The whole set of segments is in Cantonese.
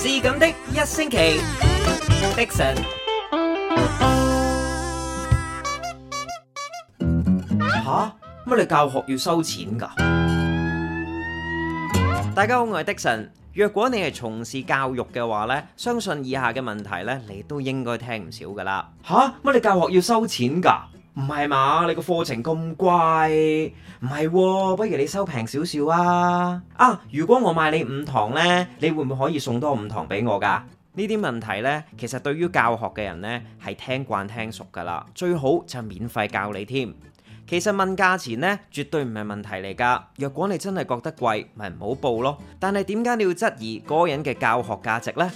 是咁的一星期 Dickson。嚇，乜、啊、你教學要收錢㗎？大家好，我係 Dickson。若果你係從事教育嘅話呢，相信以下嘅問題呢，你都應該聽唔少噶啦。嚇、啊，乜你教學要收錢㗎？唔係嘛？你個課程咁貴，唔係喎，不如你收平少少啊！啊，如果我買你五堂呢，你會唔會可以送多五堂俾我㗎？呢啲問題呢，其實對於教學嘅人呢係聽慣聽熟㗎啦，最好就免費教你添。其實問價錢呢，絕對唔係問題嚟㗎。若果你真係覺得貴，咪唔好報咯。但係點解你要質疑嗰個人嘅教學價值呢？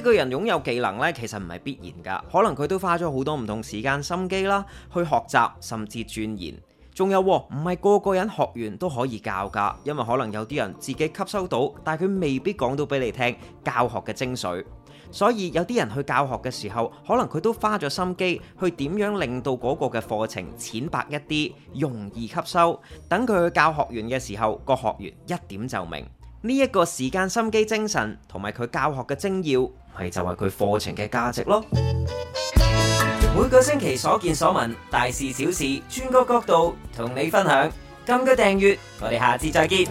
呢個人擁有技能呢，其實唔係必然噶，可能佢都花咗好多唔同時間、心機啦，去學習甚至鑽研。仲有喎，唔係個個人學完都可以教噶，因為可能有啲人自己吸收到，但係佢未必講到俾你聽教學嘅精髓。所以有啲人去教學嘅時候，可能佢都花咗心機去點樣令到嗰個嘅課程淺白一啲，容易吸收。等佢去教學完嘅時候，個學員一點就明。呢一個時間、心機、精神同埋佢教學嘅精要，係就係、是、佢課程嘅價值咯。每個星期所見所聞，大事小事，轉個角度同你分享。撳個訂閱，我哋下次再見。